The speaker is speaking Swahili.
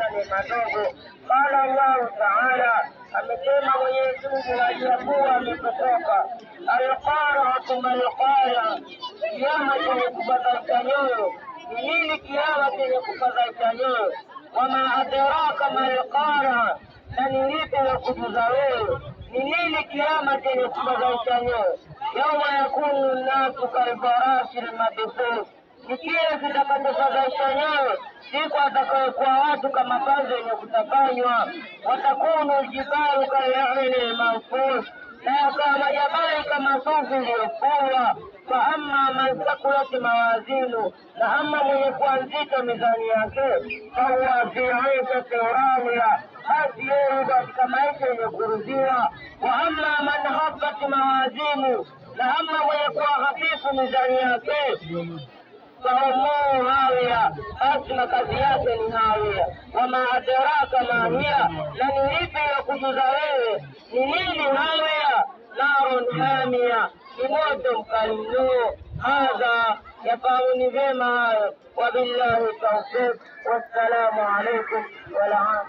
maisha ni madogo. Qala Allahu taala, amesema Mwenyezi Mungu aliyakuwa amepotoka. Alqariatu malqaria, kiama chenye kufadhaisha nyoyo ni nini? Kiama chenye kufadhaisha nyoyo. Wama adraka malqaria, na ni lipi la kujuza wewe ni nini kiama chenye kufadhaisha nyoyo? Yauma yakunu nnasu kalfarashi lmabthus Kikiwe kitakachosababisha wenyewe, siku atakayokuwa watu kama kazi yenye kutapanywa. Watakunu jibalu kal'ihni manfus, na yakawa majabali kama sufu iliyofura. Fa amma man sakulat mawazinu, na ama mwenye kuwa nzito mizani yake, fahuwa fi ishati ramiya, basi yeye katika maisha yenye kuruziwa. Wa amma man haffat mawazinu, na ama mwenye kuwa hafifu mizani yake Sallallahu Hawia, basi makazi yake ni Hawia. Wama adraka ma hiya, na ni lipi ya kujuza wewe ni nini Hawia? Narun hamia, ni moto mkali mno. Hadha yafahamuni vyema hayo. Wabillahi tawfiq, wassalamu alaikum wala